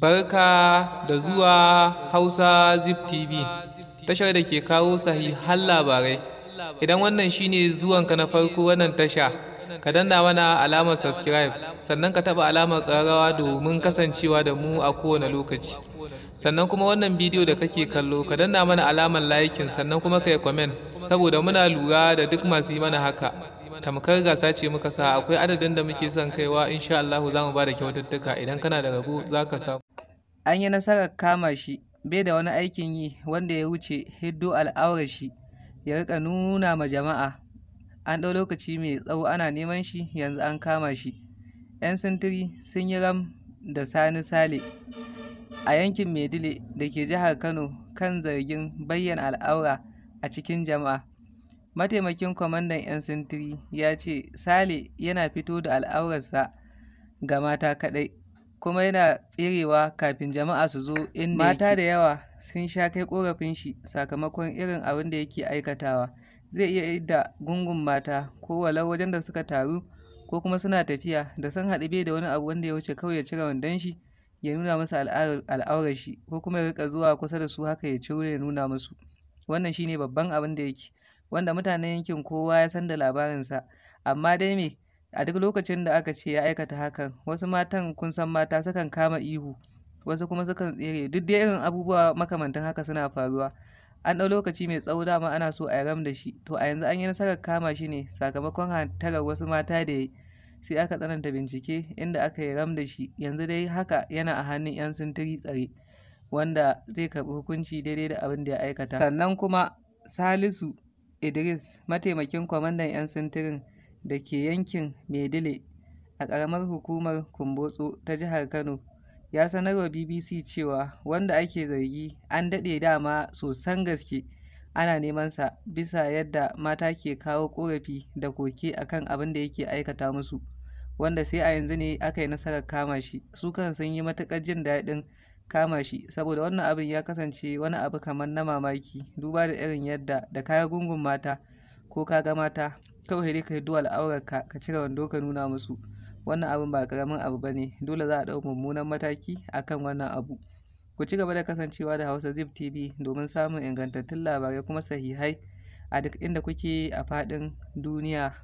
Barka da zuwa Hausa Zip TV, tashar da ke kawo sahihan labarai. Idan wannan shine zuwanka na farko wannan tasha, ka danna mana alamar subscribe, sannan ka taɓa alamar ƙararrawa domin kasancewa da mu a kowane lokaci. Sannan kuma wannan bidiyo da kake kallo, ka danna mana alamar laikin sannan kuma ka yi comment, saboda muna lura da duk masu yi mana haka. tamkar gasa ce muka sa akwai adadin da muke son kaiwa insha Allah za mu ba da kyaututtuka idan kana da rabo za ka samu An yi nasarar kama shi, bai da wani aikin yi wanda ya wuce hiddu al'aurar shi ya rika nuna ma jama'a. An ɗau lokaci mai tsawo ana neman shi, yanzu an kama shi. 'Yan sintiri sun yi ram da Sani Sale a yankin Maidile da ke jihar Kano kan zargin bayyana al'aura a cikin jama'a. Mataimakin kwamandan 'yan sintiri ya ce Sale yana fito da al'aurarsa ga mata kaɗai. kuma yana tserewa kafin jama'a su zo inda Mata da yawa sun sha kai korafin shi sakamakon irin abin da yake aikatawa. Zai iya idda gungun mata ko walau wajen da suka taru ko kuma suna tafiya da sun haɗu bai da wani abu wanda ya wuce kawai ya cire wandon shi ya nuna masa al'aurar shi ko kuma ya rika zuwa kusa da su haka ya ciro ya nuna musu. Wannan shine babban abin da yake wanda mutanen yankin kowa ya san da labarinsa amma dai me a duk lokacin da aka ce ya aikata hakan wasu matan kun san mata sukan kama ihu wasu kuma sukan tsere duk dai irin abubuwa makamantan haka suna faruwa an ɗau lokaci mai tsawo dama ana so a ram da shi to a yanzu an yi nasarar kama shi ne sakamakon hantarar wasu mata da ya sai aka tsananta bincike inda aka yi ram da shi yanzu dai haka yana a hannun 'yan sintiri tsare wanda zai karɓi hukunci daidai da abin da ya aikata sannan kuma salisu idris mataimakin kwamandan 'yan sintirin da ke yankin Maiddele a ƙaramar hukumar Kumbotso ta jihar Kano ya sanar wa BBC cewa wanda ake zargi an daɗe dama sosan gaske ana neman sa bisa yadda mata ke kawo ƙorafi da koke akan abin da yake aikata musu wanda sai a yanzu ne aka yi nasarar kama shi su kan sun yi matuƙar jin daɗin kama shi saboda wannan abin ya kasance wani abu kamar na mamaki duba da irin yadda da kaya gungun mata ko kaga mata kawai dai ka yi duwal aurarka ka cire wando ka nuna musu wannan abin ba karamin abu ba ne dole za a ɗau mummunan mataki akan wannan abu ku ci gaba da kasancewa da hausa zip tv domin samun ingantattun labarai kuma sahihai a duk inda kuke a faɗin duniya